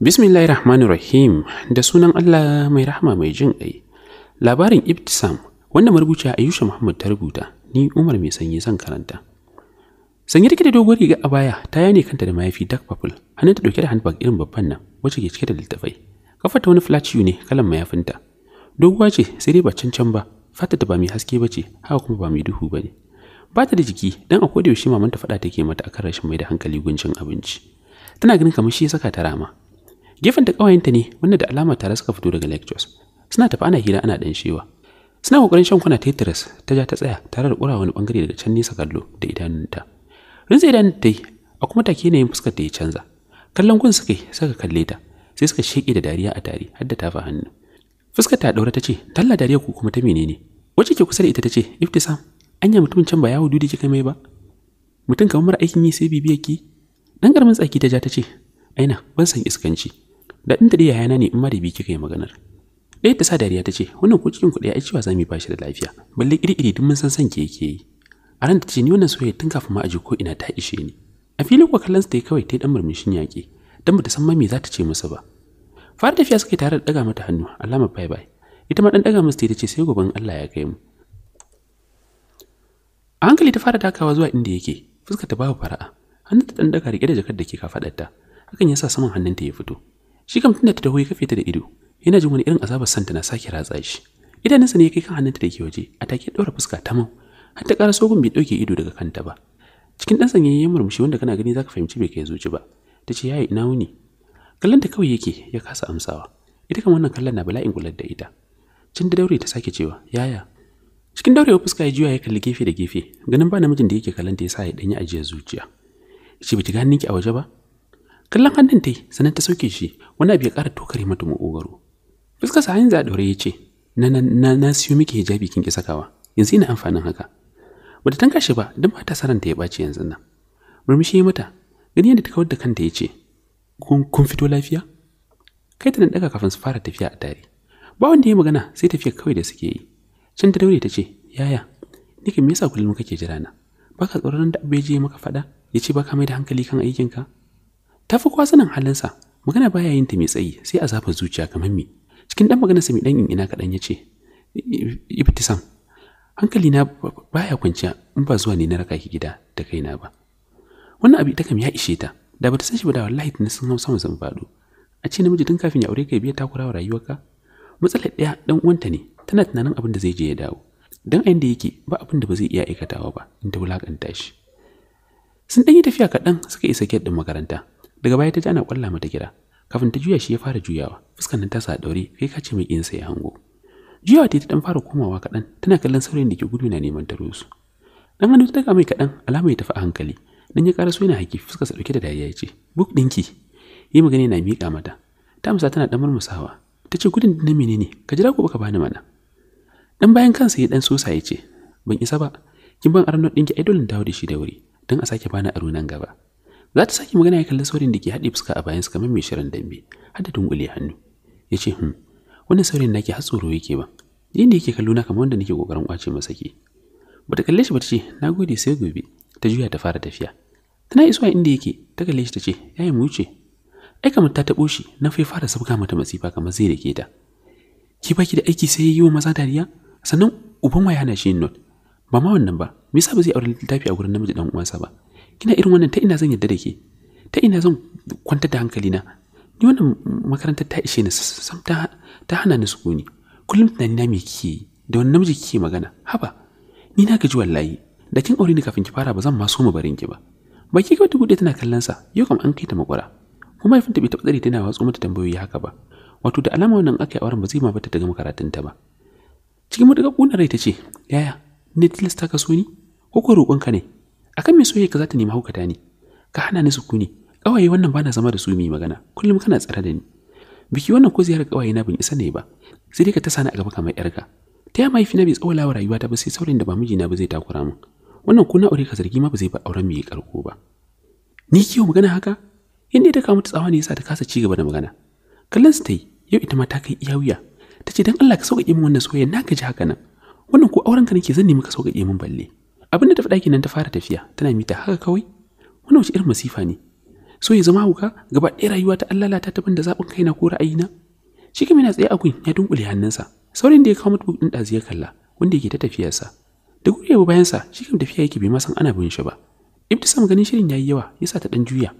Bismillahirrahmanirrahim da sunan Allah mai rahama mai jin ƙai. Labarin Ibtisam wanda marubuciya Ayusha Muhammad ta rubuta ni Umar mai sanyi zan karanta. Sanyi take da doguwar riga a baya ta yane kanta da mayafi dark purple hannun ta dauke da handbag irin babban nan wacce ke cike da littafai. Kafar ta wani flat ne kalan mayafinta. Doguwa ce sai dai ba cancan ba da ba mai haske ba ce haka kuma ba mai duhu ba ne ba ta da jiki don a da yaushe maman ta faɗa take mata akan rashin mai da hankali guncin abinci tana ganin kamar shi ya saka ta rama gefen da ƙawayenta ne wanda da alama tare suka fito daga lectures suna tafi ana hira ana dan shewa suna kokarin shan kwana tetris ta ja ta tsaya tare da ƙura wani bangare daga can nesa kallo da idanunta rinsa idan ta yi a kuma take yanayin fuskar ta ya canza kallon gun suka yi suka kalle ta sai suka sheƙe da dariya a tare har da tafa hannu fuskar ta daura ta ce talla dariya ku kuma ta menene wacce ke kusa da ita ta ce iftisam anya mutumin can ba yawo dudi kika mai ba mutum kamar mara aikin yi sai bibiya ki dan karamin tsaki ta ja ta ce aina ban san iskanci da ɗinta da yayana ne in ma da bi kika yi maganar ɗaya ta sa dariya ta ce wannan ko cikin kuɗi ai cewa za mu ba shi da lafiya balle iri-iri duk mun san san ke yake yi a ran ta ce ni wannan soyayya tun kafin ma aji ko ina ta ishe ni a filin kuwa kallon su ta yi kawai ta yi ɗan murmushin yaƙi don ba ta san ma me za ta ce musu ba fara tafiya suka tare da ɗaga mata hannu alamar bye bye ita ma ɗan ɗaga musu ta ce sai gobe Allah ya kai mu a hankali ta fara takawa zuwa inda yake fuska ta babu fara'a hannun ta ɗan daga riƙe da jakar da ke ta. hakan ya sa saman ta ya fito shi kam tunda ta taho ya kafe ta da ido yana jin wani irin azabar santa na sake ratsa shi idanunsa ne ya kai kan hannunta da ke waje a take ɗora fuska ta mau har ta ƙara sogun bai ɗauke ido daga kanta ba cikin ɗan sanye ya murmushi wanda kana gani zaka fahimci bai kai zuci ba ta ce yayi ina wuni kallon kawai yake ya kasa amsawa ita kan wannan kallon na bala'in kular da ita Cin da daure ta sake cewa, "Yaya." Cikin daurewa fuska ya juya ya kalli gefe da gefe, ganin ba namijin da yake ta ya sa ya danyi ajiyar zuciya. Ce bai ga hannunki a waje ba? Kallon hannun ta yi, sannan ta sauke shi, wani abu ya ƙara tokare mata maƙogaro. Fuskar sa hanyar daure ya ce, "Na na na na siyo miki hijabi kin ki sakawa, yanzu ina amfanin haka." Bata tanka shi ba, don ba ta saranta ya ɓaci yanzu nan. Murmushi ya mata, gani yadda ta kawar da kanta ya ce, "Kun fito lafiya?" Kai ta nan daga kafin su fara tafiya a tare. ba wanda ya magana sai tafiya kawai da suke yi can ta daure ta ce yaya nikin me yasa kullum kake jira na baka tsoron da abu ya je maka fada ya ce baka mai da hankali kan aikinka ta fi sanin halinsa magana baya yin ta mai tsayi sai a zafa zuciya kamar mi. cikin dan magana sa mai dan ina kadan ya ce ibtisam hankali na baya kwanciya in ba zuwa ne na raka ki gida da kaina ba wannan abu ita kam ya ishe ta da bata san shi ba da wallahi tun sun hau sama zan fado a ce namiji tun kafin ya aure ka biya takurawa rayuwarka matsalar ɗaya ɗan uwanta ne tana tunanin abin da zai je ya dawo don a yanda yake ba abin da ba zai iya aikatawa ba in ta wulakanta shi sun ɗan yi tafiya kaɗan suka isa gate ɗin makaranta daga baya ta ji ana ƙwalla mata gida kafin ta juya shi ya fara juyawa fuskar nan ta sa daure kai ka ce mai ƙinsa ya hango juyawa ta ta ɗan fara komawa kaɗan tana kallon saurayin da ke gudu na neman taro su ɗan hannu ta daga mai kaɗan alama ya tafi a hankali nan ya ƙara so yana haƙi fuskar sa ɗauke da dariya ya ce buk ɗinki yi magana yana miƙa mata ta amsa tana ɗan murmusawa ta ce gudun na menene ka jira gobe ka bani mana dan bayan kansa ya dan sosa ya ce ban isa ba kin ban arnold ɗinki idolin dawo da shi da wuri don a sake bani aro nan gaba za ta sake magana ya kalli saurin da ke haɗe fuska a bayansa kamar mai shirin dambe har da dunkule hannu ya ce hmm wannan saurin nake har tsoro yake ba ne yake kallo na kamar wanda nake kokarin kwace masa ke bata kalle shi bata ce na gode sai gobe ta juya ta fara tafiya tana isuwa inda yake ta kalle shi ta ce yayi mu wuce ai kamar ta tabo shi nan fa fara sabga mata masifa kamar zai rike ta ki baki da aiki sai yi wa maza dariya sannan uban waya na shi yin not ba ma wannan ba me yasa ba zai aure littafi a gurin namiji dan uwansa ba kina irin wannan ta ina zan yadda da ke ta ina zan kwantar da hankali na ni wannan makarantar ta ishe ni sam ta hana ni sukuni kullum tunani na me kike yi da wani namiji kike magana haba ni na gaji wallahi da kin aure ni kafin ki fara ba zan ma so mu barin ki ba baki ga dubu da tana kallon sa yau kam an kai ta makwara kuma ta bai taɓa tsari tana watsu mata tambayoyi haka ba wato da alama wannan aka yi auren ba zai ma bata ta gama karatunta ba cikin matuƙar ƙunar rai ta ce yaya ne tilasta ka so ni ko ko ka ne akan me soyayya ka za ta nemi haukata ni ka hana ni sukuni ƙawaye wannan bana zama da su mai magana kullum kana tsare da ni biki wannan ko ziyarar kawai na bin isa ne ba sai dai ka ta sani a gaba kamar yarka ta ya na bai tsawo wa rayuwa ta ba sai saurayin da ba mijina ba zai takura min wannan ko na aure ka zargi ma ba zai ba auren mai karko ba ni kiwo magana haka dai ta kama ta tsawa ne yasa ta kasa ci gaba da magana kallon su ta yi yau ita ma ta kai iya wuya ta ce don Allah ka sauƙaƙe min wannan soyayya na gaji haka nan wannan ko aurenka nake zan nemi ka sauƙaƙe min balle abin da ta faɗa kenan ta fara tafiya tana mita haka kawai wannan wace irin masifa ne so ya zama hauka gaba ɗaya rayuwa ta Allah ta tabbin da zaɓin kaina ko ra'ayina shi kuma yana tsaye a gun ya dunkule hannunsa saurin da ya kawo mutu ɗin ɗaziyar kalla wanda yake ta tafiyarsa da gure bayansa shi kuma tafiya yake bai masan san ana bin shi ba ibtisam ganin shirin yayi yawa yasa ta dan juya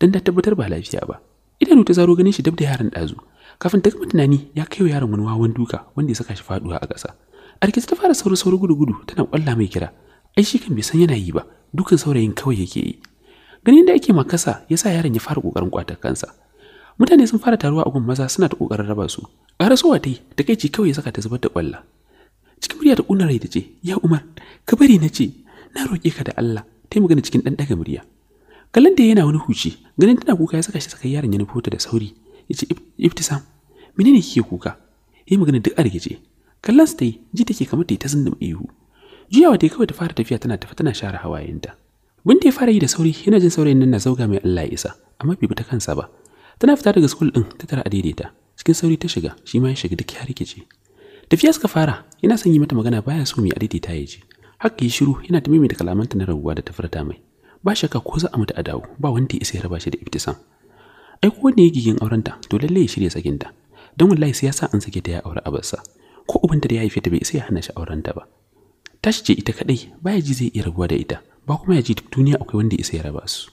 don ta tabbatar ba lafiya ba idanu ta zaro ganin shi dab da yaran ɗazu kafin ta gama tunani ya kai wa yaron wani wawan duka wanda ya saka shi faduwa a ƙasa arkita ta fara sauri sauri gudu gudu tana kwalla mai kira ai shi kan bai san yana yi ba dukan saurayin kawai yake yi ganin da ake makasa ya sa yaron ya fara kokarin kwata kansa mutane sun fara taruwa a gun maza suna ta ƙoƙarin raba su sowa ta yi ta kai ci kawai ya saka ta zubar da kwalla cikin murya ta ƙunar rai ta ce ya umar ka bari na ce na roƙe ka da allah ta yi cikin ɗan ɗaga murya kallon da yana wani huce ganin tana kuka ya saka shi saka yaron ya nufo ta da sauri ya ce iftisam menene kike kuka yi magana duk a rikice kallon su ta yi ji take kamar ta yi ta zindin ihu juyawa ta yi kawai ta fara tafiya tana tafi tana share hawayenta bin da ya fara yi da sauri yana jin saurayin nan na zauga mai Allah ya isa amma bai bata kansa ba tana fita daga school din ta tara a daidaita cikin sauri ta shiga shi ma ya shiga duk ya rikice tafiya suka fara yana son yi mata magana baya so mai a daidaita ya ji haka yi shiru yana ta maimaita kalamanta na rabuwa da ta furta mai ba shakka ko za a mutu a dawo ba wanda ya isa ya raba shi da ibtisam ai ko wanda ya auren ta to lalle ya shirya ta don wallahi sai ya sa an sake ta ya aure abarsa ko ubanta da ya haife ta bai isa ya hana shi aurenta ba tashi ce ita kadai ba ya ji zai iya rabuwa da ita ba kuma ya ji duk duniya akwai wanda ya isa ya raba su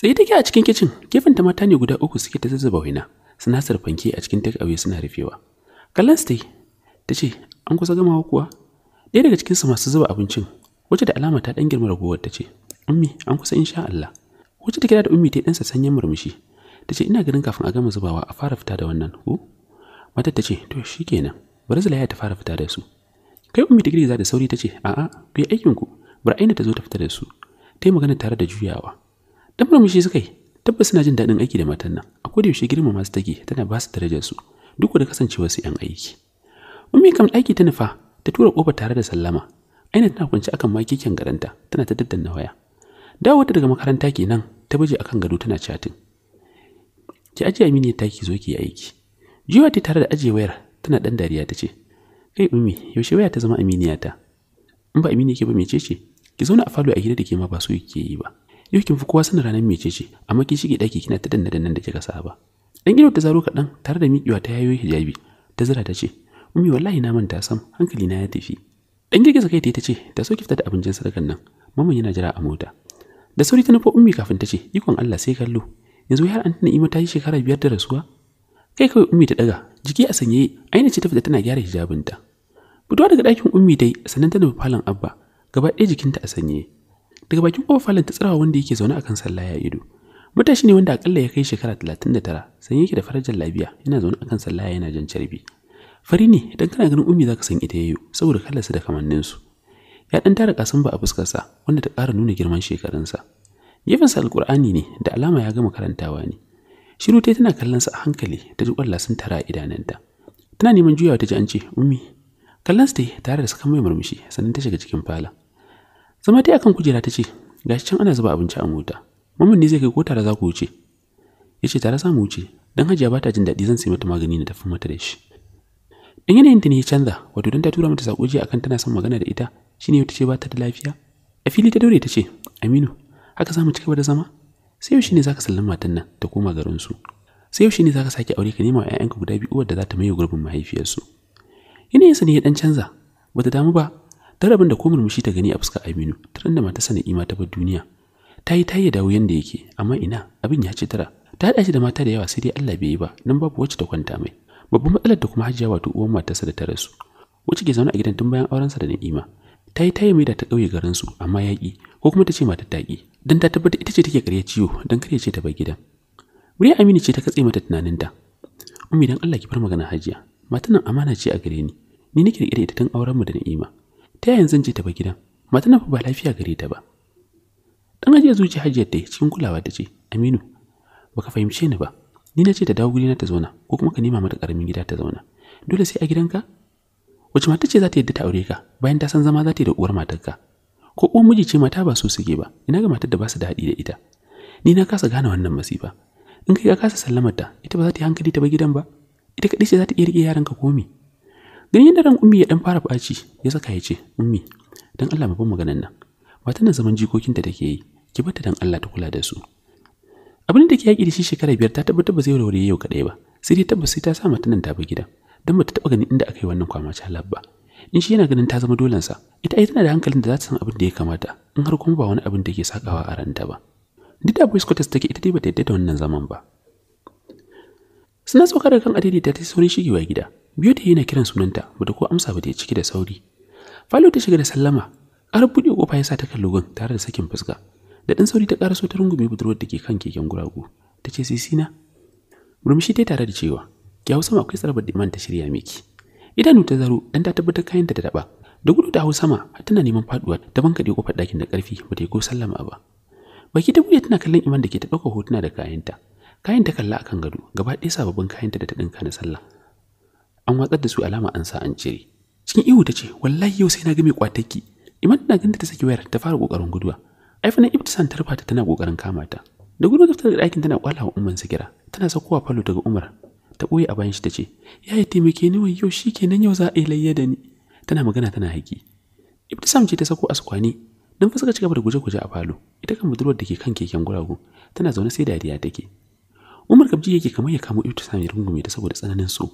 sai take a cikin kicin gefen ta mata ne guda uku suke ta zazzaba waina suna sarfanke a cikin take away suna rufewa kallon su ta ce an kusa gamawa kuwa ɗaya daga cikinsu masu zuba abincin wacce da alama ta dan girma ragowar ta ce ummi an kusa insha Allah wacce ta kira da ummi ta yi sa sanyin murmushi ta ce ina ganin kafin a gama zubawa a fara fita da wannan ku. matar ta ce to shikenan bari zalaya ta fara fita da su kai ummi ta girgiza da sauri ta ce a'a ku yi aikin ku bar aina ta zo ta fita da su ta yi magana tare da juyawa dan murmushi suka yi tabbas suna jin daɗin aiki da matan nan a koda yaushe girma masu take tana ba su darajar su duk da kasancewar su 'yan aiki. Ummi kam ɗaki ta nufa ta tura ƙofa tare da sallama aina tana kwance akan maki kikin garanta tana ta daddanna waya dawo wata daga makaranta kenan ta baje akan gado tana chatting ki ajiye amini ta ki zo ki aiki jiwa ta tare da ajiye wayar tana dan dariya ta ce kai ummi yaushe waya ta zama aminiya ta in ba amini ke ba mece ce ki zauna a falo a gida da ma ba so yake yi ba yau kin fi kowa sanin ranar mece ce amma kin shige daki kina ta danna nan da kika saba dan ido ta zaro kaɗan tare da miƙewa ta yayo hijabi ta zira ta ce ummi wallahi na manta sam hankali na ya tafi dan girgiza kai ta ce da so kifta da abincin sadakan nan mamman yana jira a mota da sauri ta nufo ummi kafin ta ce ikon Allah sai kallo yanzu har an tana ima ta yi shekara biyar da rasuwa kai kawai ummi ta daga jiki a sanyaye aina ce ta fita tana gyara ta fitowa daga ɗakin ummi dai sannan ta nufi falon abba gaba ɗaya jikinta a sanyaye daga bakin kofar falon ta tsirawa wanda yake zaune akan sallah ya ido matashi ne wanda akalla ya kai shekara tara, sanye yake da farajar labiya yana zaune akan sallah yana jan carbi fari ne dan kana ganin ummi zaka san ita yayo saboda kallarsa da kamanninsu ya dan tara kasan ba a fuskarsa wanda ta ƙara nuna girman shekarunsa sa alkur'ani ne da alama ya gama karantawa ne shiru tai tana kallon sa a hankali ta ji kwalla sun tara ta tana neman juyawa ta ji an ce ummi kallon sa tai tare da sakan mai murmushi sannan ta shiga cikin falon zama tai akan kujera ta ce gashi can ana zuba abinci a mota mamman ne zai kai ko da za ku wuce ya ce tare za mu wuce don hajiya ba ta jin daɗi zan sai mata magani na tafi mata da shi dan yanayin ta ne ya canza wato dan ta tura mata sako jiya akan tana son magana da ita shine wata ce ba ta da lafiya a fili ta daure ta ce aminu haka za mu ci gaba da zama sai yaushe ne zaka sallama matan nan ta koma garin su sai yaushe ne zaka sake aure ka nema wa ƴaƴanka guda biyu da za ta maye gurbin mahaifiyarsu sa ne ya dan canza bata damu ba darabin da ko murmushi ta gani a fuskar aminu taran da mata sana'i ma ta bar duniya ta yi tayi dawo yanda yake amma ina abin ya ci tara ta haɗa shi da mata da yawa sai dai Allah bai yi ba nan babu wacce ta kwanta mai babban matsalar da kuma hajiya wato uwan matarsa da ta rasu wacce ke zaune a gidan tun bayan aurensa da Na'ima ta yi tayi mai da ta ƙauye garin su amma ya ko kuma ta ce mata ta ƙi dan ta tabbata ita ce take ƙarya ciwo dan kare ce ta bar gidan Wuri Aminu ce ta katse mata tunaninta Ummi dan Allah ki bar magana hajiya matan nan amana ce a gare ni ni nake da ita tun auren mu da Na'ima ta yayin zan je ta bar gidan matan nan fa ba lafiya gare ta ba Dan aje zuci hajiyar ta cikin kulawa ta ce Aminu baka fahimce ni ba ni na ce ta dawo gidana ta zauna ko kuma ka nema mata karamin gida ta zauna dole sai a gidanka wace mata ce za ta yadda ta aure ka bayan ta san zama za ta yi da uwar ka. ko uwar miji ce mata ba su suke ba ina ga matar da ba su da haɗi da ita ni na kasa gane wannan masifa in kai ka kasa sallamar ta ita ba za ta yi hankali ta ba gidan ba ita kaɗai ce za ta iya riƙe yaranka ko mi ganin yadda ran ummi ya dan fara ɓaci ya saka ya ce ummi dan Allah mu ban maganan nan matan nan zaman jikokinta take yi ki bata dan Allah ta kula da su abin da ke yaƙi da shi shekara biyar ta tabbatar ba zai warware yau kaɗai ba sai dai tabbas sai ta sa mata nan ta bi gidan don ba ta taɓa ganin inda aka yi wannan kwama ta labba in shi yana ganin ta zama dolensa ita ai tana da hankalin da za ta san abin da ya kamata in har kuma ba wani abin da ke sakawa a ranta ba duk da boys quarters take ita dai bata yadda da wannan zaman ba suna tsokar kan adidi ta ta saurin shigewa gida biyu ta yana kiran sunanta ba da ko amsa ba ta ciki da sauri falo ta shiga da sallama har buɗe kofa ya sa ta kallugun tare da sakin fuska da ɗan sauri ta so ta rungume budurwar da ke kan keken guragu ta ce sisina murmushi ta tare da cewa ki hau sama akwai tsarabar da ta shirya miki idanu ta zaro dan ta tabbatar kayan ta da da gudu ta hau sama har tana neman faduwa ta bankaɗe kofar ɗakin da ƙarfi ba ta yi ko sallama ba baki ta buɗe tana kallon iman da ke taɓa hotuna da kayanta kayan ta kalla akan gado gaba ɗaya sababbin kayanta da ta ɗinka na sallah an watsar da su alama an sa an cire cikin ihu ta ce wallahi yau sai na ga mai kwatakki iman tana ganta ta saki wayar ta fara kokarin guduwa ai fa na ibtisan ta tana kokarin kama ta da gudu ta daga ɗakin tana kwala wa umman sikira tana sakowa falo daga umar ta ɓoye a bayan shi ta ce "Yaya taimake ni yau Shikenan yau za a yi layya da ni tana magana tana haƙi ibtisam ce ta sako askwani dan fa suka cigaba da guje-guje a falo ita kan budurwar da ke kan keken guragu tana zaune sai dariya take umar kabji yake kamar ya kamo ibtisam ya rungume ta saboda tsananin su.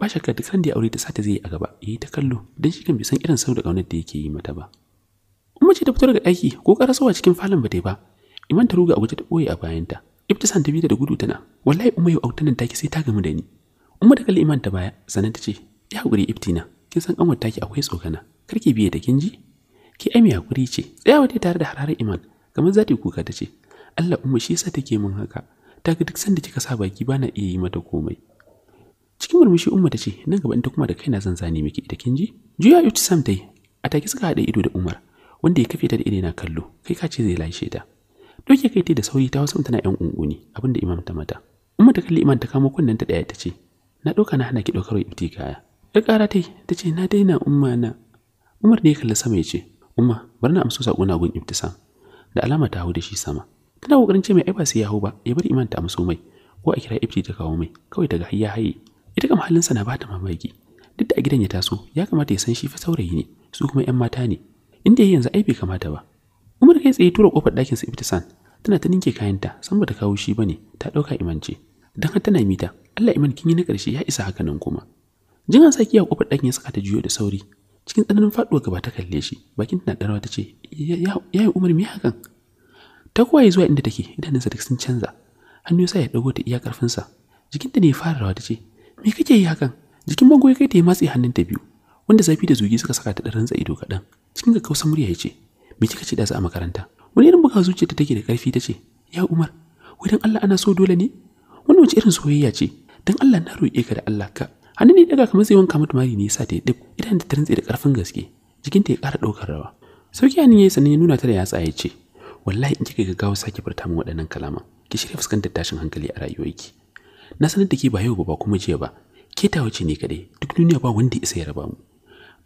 ba shakka duk da ya aure ta sata zai yi a gaba yayi ta kallo dan shi kan bai san irin sau da kaunar da yake yi mata ba Umma ce ta fito daga ɗaki ko karasowa cikin falon ba ta ba. Iman ta ruga a guje ta ɓoye a bayanta. san ta bi da gudu tana. Wallahi Umma yau autanan taki sai ta gamu da ni. Umma ta kalli Iman ta baya sannan ta ce, "Ya haƙuri na. kin san kanwar taki akwai tsokana. Karki biye da kin ji?" Ki ai mai haƙuri ce. Tsayawa ta tare da hararar Iman, kamar za yi kuka ta ce, "Allah Umma shi yasa take min haka." Ta ga duk sanda kika sa baki bana iya yi mata komai. cikin murmushi umma ta ce nan gaba in ta kuma da kaina zan zane miki ita kin ji juya sam ta yi a take suka haɗa ido da umar wanda ya kafe ta da ido na kallo kai ka ce zai lashe ta doke kai ta da sauri ta wasu tana yan unguni abinda imam ta mata umma ta kalli imam ta kamo kunnen ta daya ta ce na doka na hana ki daukar ibti kaya ya kara tai ta ce na daina umma na umar ne ya kalli sama ya ce umma bari na amso sakona gun ibtisam da alama ta hau da shi sama tana kokarin ce mai ai ba sai ya hau ba ya bar imam ta amso mai ko a kira ibti ta kawo mai kawai daga hayya haye ita kam sa na bata mamaki duk da a gidan ya taso ya kamata ya san shi fa saurayi ne su kuma yan mata ne inda yayi yanzu ai bai kamata ba Umar kai tsaye tura kofar ɗakin sa Ibtisan tana ta ninke kayanta san bata kawo shi bane ta ɗauka dauka imance dan har tana mita Allah iman kin yi na karshe ya isa haka nan kuma jin an saki ya kofar ɗakin ya saka ta juyo da sauri cikin tsananin faduwa gaba ta kalle shi bakin tana darawa ta ce ya yi Umar me hakan ta kuwa zuwa inda take idanunsa duk sun canza hannu sa ya dago ta iya karfinsa jikinta ne ya fara rawa ta ce me kake yi hakan jikin bango kai ta yi matsi ta biyu wanda zafi da zugi suka saka ta ɗan rantsa ido kaɗan cikin gaggausan murya ya ce me kika ce da a makaranta wani irin buga zuciyarta take da karfi ta ce ya umar wai dan Allah ana so dole ne Wani wace irin soyayya ce dan Allah na roƙe ka da Allah ka hannu ne daga kamar zai wanka mata mari ne sa ta yi dip idan ta rantse da karfin gaske jikinta ya ƙara ɗaukar rawa sauki ya yi sannan ya nuna ta da yatsa ya ce wallahi in kika gaggawa sake furta min waɗannan kalaman ki shirya fuskantar tashin hankali a ki? na sanar da ke ba yau ba ba kuma jiya ba ke tawace ne kaɗai duk duniya ba wanda isa ya raba mu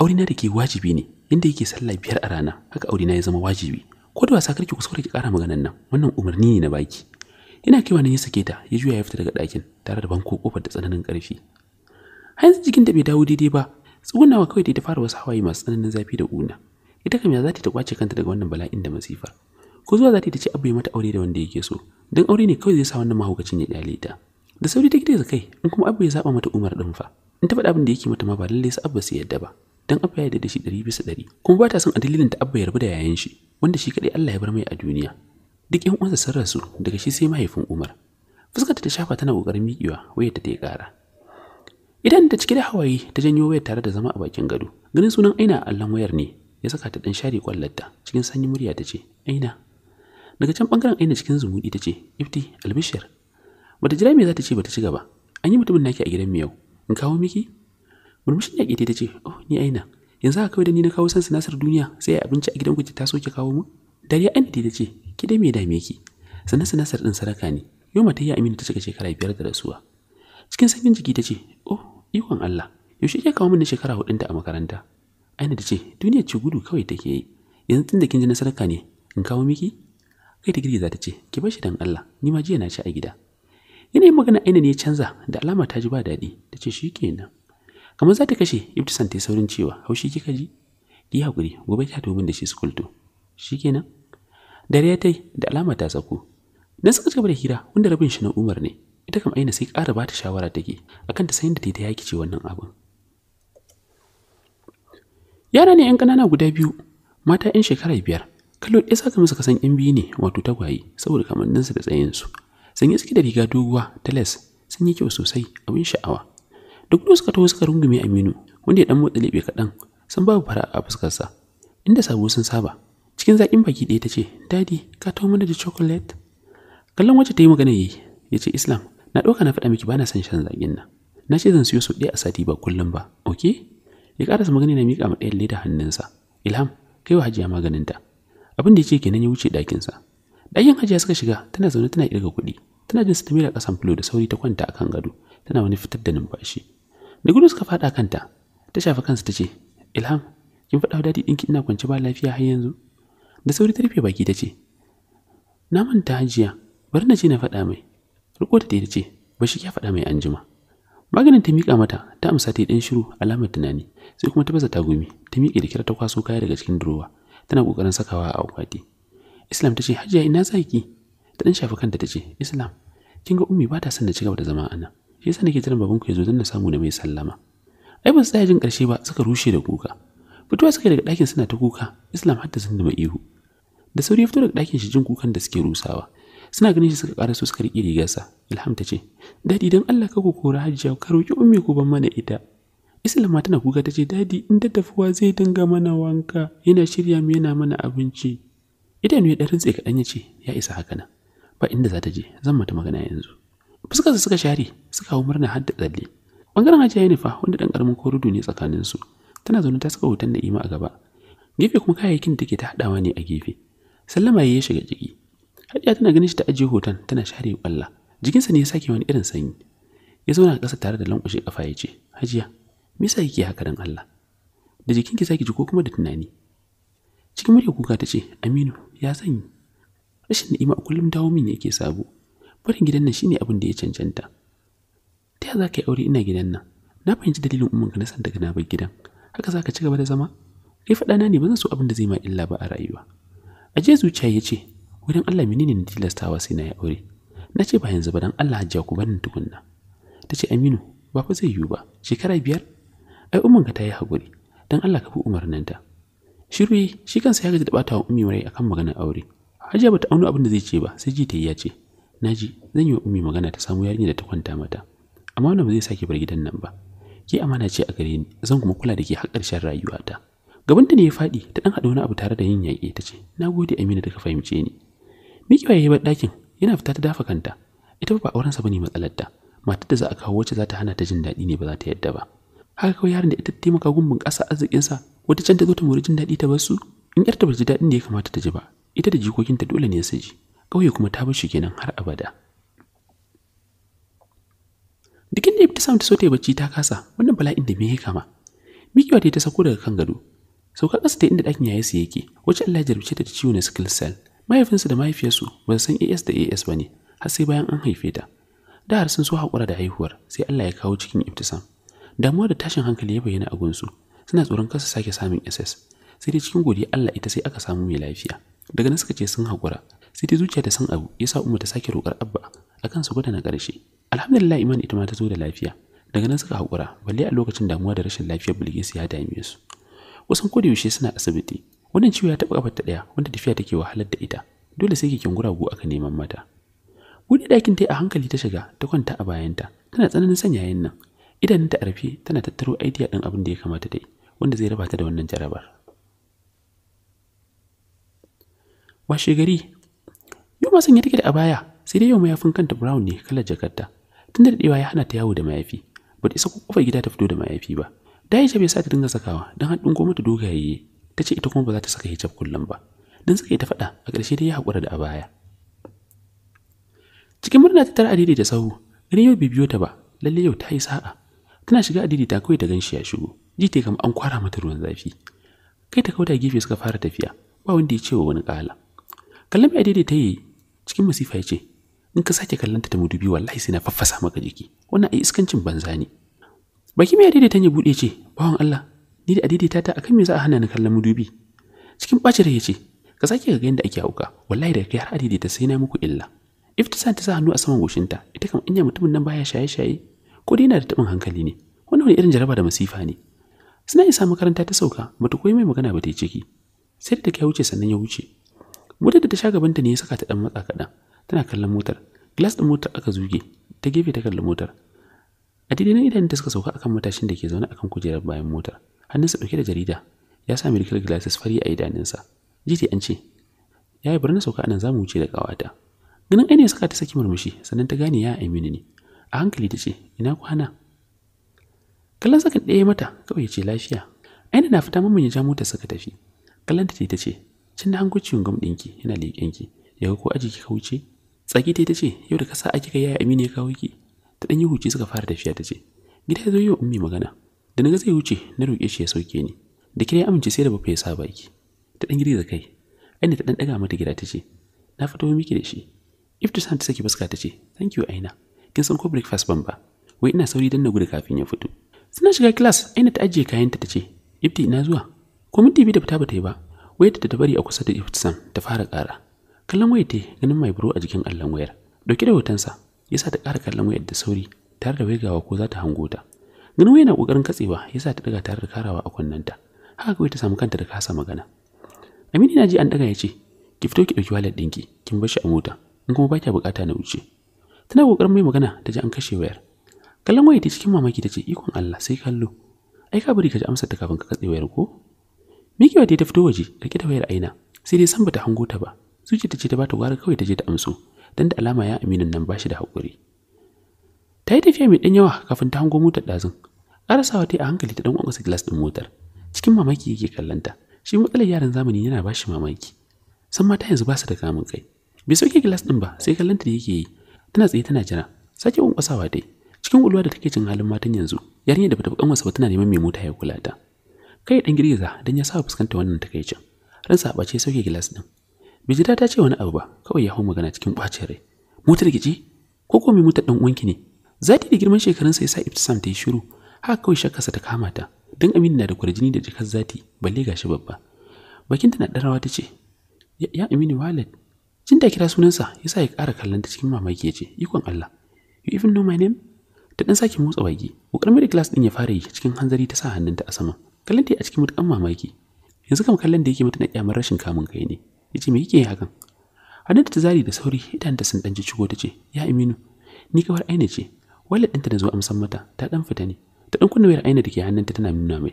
aure na da ke wajibi ne inda yake sallah biyar a rana haka aure na ya zama wajibi ko da wasa karki kuskure ki kara maganan nan wannan umarni ne na baki Ina kaiwa nan ya sake ta ya juya ya fita daga ɗakin tare da banko kofar da tsananin ƙarfi har jikin da bai dawo daidai ba tsugunawa kawai da ta fara wasu hawaye masu tsananin zafi da ƙuna ita kam ya za ta kwace kanta daga wannan bala'in da masifa, ko zuwa za ta ce abu ya mata aure da wanda yake so don aure ne kawai zai sa wannan mahaukacin ya kyale ta da sauri ta gida kai in kuma abu ya zaɓa mata umar ɗin fa in ta faɗa abin da yake mata ma ba lallai sa abu su yadda ba dan abba ya yarda da shi ɗari bisa ɗari kuma ba ta son a dalilin da abba ya rabu da yayan shi wanda shi kaɗai Allah ya bar mai a duniya duk ƴan uwansa sun rasu daga shi sai mahaifin Umar fuskar ta shafa tana kokarin miƙewa wayar ta ta ƙara idan ta cike da hawaye ta janyo wayar tare da zama a bakin gado ganin sunan aina a allon wayar ne ya saka ta dan share kwallarta cikin sanyin murya ta ce aina daga can bangaren aina cikin zumuɗi ta ce ifti albishir bata jira me za ta ce bata ci gaba an yi mutumin naki a gidan mu yau in kawo miki murmushin da ta ce oh ni aina yanzu haka kawai da ni na kawo san sinasar duniya sai abinci a gidanku ki taso ki kawo mu dare an ta ce ki dai me dame ki sannan sinasar din saraka ne yau ta yi amina ta cika shekara biyar da rasuwa cikin sanyin jiki ta ce oh ikon Allah yaushe ke kawo mini shekara hudunta a makaranta aina ta ce duniyar ci gudu kawai take yi yanzu tun da kin ji na saraka ne in kawo miki kai ta girgiza ta ce ki bar shi dan Allah ni ma jiya na ci a gida yanayin magana aina ne canza da alama ta ji ba daɗi ta ce shi kenan kamar za ta kashe ibtisan ta saurin cewa haushi kika ji ki hakuri gobe ki tobin da shi su ke shikenan dare ya tai da alama ta sako na suka cigaba da hira wanda rabin shi na Umar ne ita kam aina sai ƙara ba ta shawara take akan ta sayin da ta yaki ce wannan abin yara ne yan kanana guda biyu mata yan shekara biyar kallo ɗaya saka musu kasan yan biyu ne wato tagwaye saboda kamanninsu da tsayinsu yi suke da riga doguwa ta les sun yi kyau sosai abin sha'awa duk da suka taho suka rungume aminu wanda ya dan motsa lebe kadan san babu fara a fuskarsa inda sabo sun saba cikin zakin baki ɗaya ta ce dadi ka taho mana da chocolate kallon wacce ta yi magana yi ya ce islam na ɗauka na faɗa miki bana san shan zakin nan na ce zan siyo su ɗaya a sati ba kullum ba okay ya karasa magana na miƙa ma ɗayan leda hannunsa ilham kai wa hajiya ta abin da ya ce kenan ya wuce ɗakinsa dakin hajiya suka shiga tana zaune tana kirga kuɗi tana jin su ta mira ƙasan da sauri ta kwanta akan gado tana wani fitar da numfashi da gudu suka faɗa kanta ta shafa kansa ta ce ilham kin faɗa wa daɗi ɗinki ina kwance ba lafiya har yanzu da sauri ta rufe baki ta ce na manta hajiya bari na ce na faɗa mai riko ta ta ce ba shi ya faɗa mai anjima maganin ta miƙa mata ta amsa ta yi ɗan shiru alamar tunani sai kuma ta baza ta gumi ta miƙe da kira ta kwaso kaya daga cikin durowa tana ƙoƙarin sakawa a akwati islam ta ce hajiya ina zaki ta ɗan shafa kanta ta ce islam kin ga ummi ba ta son ci cigaba da zama a nan shi yasa nake jiran babanku ya zo don na samu da mai sallama ai ba su tsaya jin karshe ba suka rushe da kuka fitowa suka daga ɗakin suna ta kuka islam sun da ihu da sauri fito daga ɗakin shi jin kukan da suke rusawa suna ganin shi suka ƙara so suka riƙe rigarsa ilham ta ce dadi dan allah ka ku kora hajjiya ka roki ummi ku ban mana ita islam tana kuka ta ce dadi in tafuwa zai dinga mana wanka yana shirya mu yana mana abinci idanu ya ɗarin rintse kaɗan ya ce ya isa haka nan ba inda za ta je zan mata magana yanzu fuskarsa suka share suka hau murna har da tsalle bangaren hajiya yi nufa, wanda dan karamin korudu ne tsakanin su tana zaune ta saka hoton na'ima a gaba gefe kuma kayayyakin da ke ta haɗawa ne a gefe sallama ya shiga ciki hajiya tana ganin shi ta ajiye hoton tana share kwalla jikinsa ne ya sake wani irin sanyi ya zauna a ƙasa tare da lankwashe ƙafa ya ce hajiya me yasa kike haka dan Allah da jikinki sake ji ko kuma da tunani cikin murya kuka ta ce aminu ya sanyi rashin ni'ima kullum dawo min yake sabo barin gidan nan shine abin da ya cancanta ta yaya za ka yi aure ina gidan nan na fahimci dalilin umman na san daga na bar gidan haka za ka ci gaba da zama kai faɗa na ne ba zan so abin da zai ma illa ba a rayuwa a je zuciya ya ce wurin Allah menene na tilastawa sai na yi aure na ce ba yanzu ba dan Allah hajja ku barin tukunna ta ce Aminu ba fa zai yiwu ba shekara biyar ai umman ta yi haƙuri dan Allah ka fi umarnin ta shiru shi kansa ya gaji da ɓata wa umi akan maganar aure ba bata auno abin da zai ce ba sai ji ta yi ya ce naji zan yi wa ummi magana ta samu yarinya da ta kwanta mata amma wannan ba zai sake bar gidan nan ba ki amana ce a gare ni zan kuma kula da ke har ƙarshen rayuwata gabanta ne ya faɗi ta ɗan haɗa wani abu tare da yin yaƙi ta ce na gode amina da ka fahimce ni miki ya yi ban-dakin yana fita ta dafa kanta ita ba aurensa ba ne matsalarta matar da za a kawo wacce za ta hana ta jin daɗi ne ba za ta yadda ba haka kawai yaron da ita taimaka gumbin ƙasa arzikinsa wata can ta zo ta mori jin daɗi ta bar su in yarta ba ji daɗin da ya kamata ta ji ba ita da jikokinta dole ne su ji kauye kuma ta bar shi kenan har abada duk inda Ibtisam ta so ta yi bacci ta kasa wannan bala'in da me ya kama Mikiwa ta sako daga kan gado sauka kasa ta inda ɗakin su yake wacce Allah ya jarabce ta da ciwo na sickle cell mahaifinsa da mahaifiyarsu ba san AS da AS ba ne har sai bayan an haife ta da har sun so haƙura da haihuwar sai Allah ya kawo cikin Ibtisam damuwa da tashin hankali ya bayyana a gunsu suna tsoron kasa sake samun SS sai dai cikin godiya Allah ita sai aka samu mai lafiya daga nan suka ce sun haƙura sai ta zuciya ta san abu yasa umma ta sake roƙar abba akan su gwada na ƙarshe alhamdulillah iman ita ma ta zo da lafiya daga nan suka haƙura balle a lokacin damuwa da rashin lafiyar bilgisu ya dame su wasan kodayaushe suna asibiti wannan ciwo ya taɓa ƙafarta ta ɗaya wanda tafiya take wahalar da ita dole sai keken guragu aka neman mata buɗe ɗakin ta a hankali ta shiga ta kwanta a bayanta tana tsananin sanya yayin nan idanun ta rufe tana tattaro aidiya ɗin abin da ya kamata ta wanda zai raba ta da wannan jarabar washe gari Duk sanya take da abaya, sai dai yau mayafin kanta brown ne kalar jakarta. Tun da dadewa ya hana ta yawo da mayafi, ba ta isa ko kofar gida ta fito da mayafi ba. Da ta bai sa ta dinga sakawa dan har ɗungo mata dogaye, ta ce ita kuma ba za ta saka hijab kullum ba. dan sai ta faɗa a ƙarshe dai ya haƙura da abaya. Cikin murna ta tara adidi da sahu, gari yau bai biyo ta ba, lalle yau ta yi sa'a. Tana shiga adidi ta kawai ta ganshi ya shigo, ji ta kama an kwara mata ruwan zafi. Kai ta kauda gefe suka fara tafiya, ba wanda ya ce wa wani ƙala. Kallon mai adidi ta yi cikin masifa ya ce in ka sake kallanta ta mudubi wallahi sai na faffasa maka jiki wannan ai iskancin banza ne baki mai adaidaita ya bude ce bawan Allah ni da adaidaita ta akan me za a hana ni kallon mudubi cikin bacin rai ya ce ka sake ga yadda ake hauka wallahi daga kai har adaidaita sai na muku illa iftisan ta sa hannu a saman goshinta ita kam ya mutumin nan baya shaye-shaye ko dai yana da tabin hankali ne wannan wani irin jaraba da masifa ne suna isa makaranta ta sauka mata koyi mai magana ba ta yi ciki sai da ta kai wuce sannan ya wuce Motar da ta sha gabanta ne ya saka ta ɗan matsa kaɗan. Tana kallon motar. Glass ɗin motar aka zuge. Ta gefe ta kallon motar. A daidai nan idan ta suka sauka akan matashin da ke zaune akan kujerar bayan motar. Hannunsa ɗauke da jarida. Ya sa medical glasses fari a idanunsa. Jiti an ce, ya yi barna sauka anan zamu wuce da kawata Ganin ainihin saka ta saki murmushi sannan ta gane ya aminu ne. A hankali ta ce, ina kwana. Kallon sakan ɗaya mata kawai ya ce lafiya. Aina na fita mamman ya ja motar saka tafi. Kallon ta ce ta ce, cin da hankucin gam ɗinki yana leƙenki ya ga ko aji kika wuce tsaki ta ta ce yau da kasa aki kai yaya aminu ya kawo ki ta ɗan yi huci suka fara tafiya ta ce gida ya zo yau ummi magana da naga zai wuce na roƙe shi ya sauke ni da kira ya amince sai da bafa ya sa baki ta ɗan girgiza kai aina ta ɗan ɗaga mata gida ta ce na fito miki da shi iftisan ta saki fuska ta ce thank you aina kin san ko breakfast ban ba wai ina sauri dan na gudu kafin ya fito suna shiga class aina ta ajiye kayanta ta ce ifti ina zuwa ko minti biyu da fita ba ta yi ba wayar da ta bari a kusa da Ibtisam ta fara ƙara. Kallon wayar ta ganin mai buro a jikin allon wayar. Dauke da hotonsa, ya sa ta ƙara kallon wayar da sauri tare da waigawa ko za ta hango ta. Ganin wayar na ƙoƙarin katsewa, ya sa ta daga tare da karawa a kunnenta. Haka kawai ta samu kanta da kasa magana. Aminu na ji an ɗaga ya ce, "Ki fito ki ɗauki walar ɗinki, kin bar shi a mota, in kuma ba kya buƙata na wuce." Tana ƙoƙarin mai magana ta ji an kashe wayar. Kallon wayar ta cikin mamaki ta ce, "Ikon Allah sai kallo." Ai ka bari ka ji amsar ta kafin ka katse wayar ko? miki wa ta fito waje rike da wayar aina sai dai san bata hango ta ba. Zuci ta ce ta bata gwara kawai ta je ta amso dan da alama ya aminin nan bashi da hakuri. Ta yi tafiya mai ɗan yawa kafin ta hango motar ɗazun. Ƙarasawa ta yi a hankali ta ɗan ƙwaƙwasa gilas ɗin motar. Cikin mamaki yake kallanta Shi matsalar yaran zamani yana bashi mamaki. San mata yanzu ba su da kamun kai. Bai sauke gilas ɗin ba sai kallanta da yake yi. Tana tsaye tana jira. Sake ƙwaƙwasawa ta yi. Cikin ulwa da take cin halin matan yanzu, yarinya da bata fi ba tana neman mai mota ya kula ta. kai dan girgiza dan ya saba fuskanta wannan takeicin ransa a sauke gilas din bijita ta ce wani abu ba kawai ya hau magana cikin bacin rai motar gici ko ko mai motar dan uwanki ne zati da girman shekarunsa ya sa ibtisam ta yi shiru haka kawai shakkarsa ta kama ta dan aminu na da kurjini da jikar zati balle gashi babba bakinta na darawa ta ce ya aminu wallet jin da kira sunansa ya sa ya kara kallon ta cikin mamaki ya ce ikon allah you even know my name ta dan sake motsa baki kokarin da glass din ya fara yi cikin hanzari ta sa hannunta a sama kallon ta a cikin mutukan mamaki yanzu kam kallon da yake mata na kyamar rashin kamun kai ne yace me yake hakan hannunta ta ta zari da sauri idan ta sun dan ji ta ce ya Aminu ni kawar aina ce wallet ɗinta da zo amsan mata ta dan fita ne ta dan kunna wayar aina dake hannunta tana nuna mai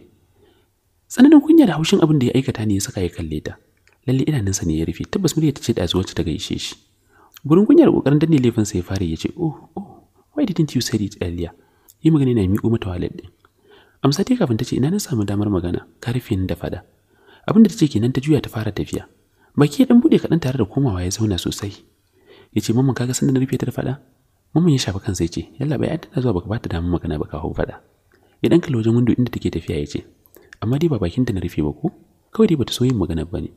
tsananin kunya da haushin abin da ya aikata ne ya saka ya kalle ta lalle idanunsa ne ya rufe tabbas murya ta ce da zuwa ta gaishe shi gurin kunyar kokarin danne lefin sa ya fara ya ce oh oh why didn't you say it earlier yi magana na miƙo mata wallet din amsa dai kafin ta ce ina na samu damar magana ka rufe ni da fada abin da ta ce kenan ta juya ta fara tafiya baki ya dan bude kaɗan tare da komawa ya zauna sosai ya ce mamman kaga sanda na rufe ta fada mamman ya shafa kansa yace ce yalla bai adana zuwa baka bata damar magana baka kawo fada ya dan kalli wajen windo inda take tafiya ya ce amma dai ba bakin da na rufe ba ko kawai dai bata so yin magana ba ne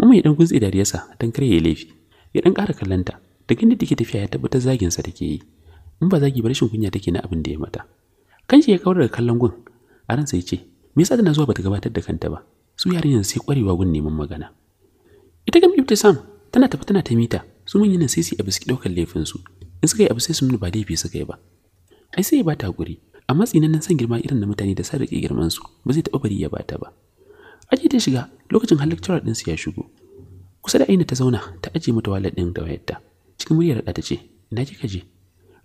mamman ya dan da riyarsa dan kare ya laifi ya dan ƙara kallanta da inda take tafiya ya tabbatar zagin sa take yi in ba zagi ba rashin kunya take na abin da ya mata kanshi ya kawar da kallon gun a ransa ya ce me yasa tana zuwa bata gabatar da kanta ba su yarinyar sai kwarewa gun neman magana ita gam ibtisam tana tafi tana ta mita su mun nan sai su abu su daukar laifin su in suka yi abu sai su nuna ba laifi suka yi ba ai sai ya bata hakuri amma nan san girma irin na mutane da sa rike girman su ba zai taba bari ya bata ba aje ta shiga lokacin halakciyar din su ya shigo kusa da aina ta zauna ta aje mata wallet din da wayarta cikin muryar da ta ce ina kika je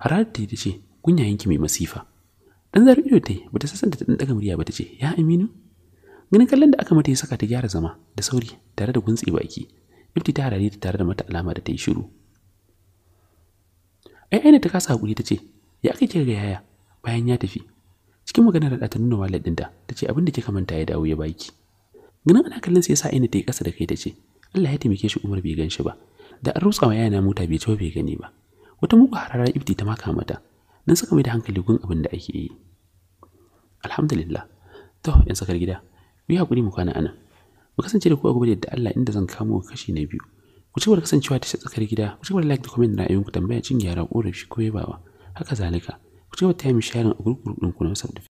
harar ta ce ki mai masifa dan zarar ido ta yi bata da ta daga murya ba ta ce ya aminu ganin kallon da aka mata ya saka ta gyara zama da sauri tare da guntsi baki ifti ta harare ta tare da mata alama da ta yi shiru ai aina ta kasa hakuri ta ce ya aka kira ga yaya bayan ya tafi cikin maganar da ta nuna wallet ɗinta ta ce abin da kika manta ya dawo ya baki ganin ana kallon sai sa aina ta yi ƙasa da kai ta ce Allah ya taimake shi Umar bai gan shi ba da an rutsa wa 'yaya na mota bai ciwo bai gani ba wata muku hararar ibti ta maka mata nan saka mai da hankali gun abin da ake yi alhamdulillah to yan sakar gida biyu hakuri mu kwana anan mu kasance da ku a gobe da Allah inda zan kamo kashi na biyu ku ci kasancewa ta tsakar gida ku ci gaba like da comment na tambaya cin gyara korafi ko yabawa haka zalika ku ci gaba ta yi mishayarin a gurgurdin ku na wasu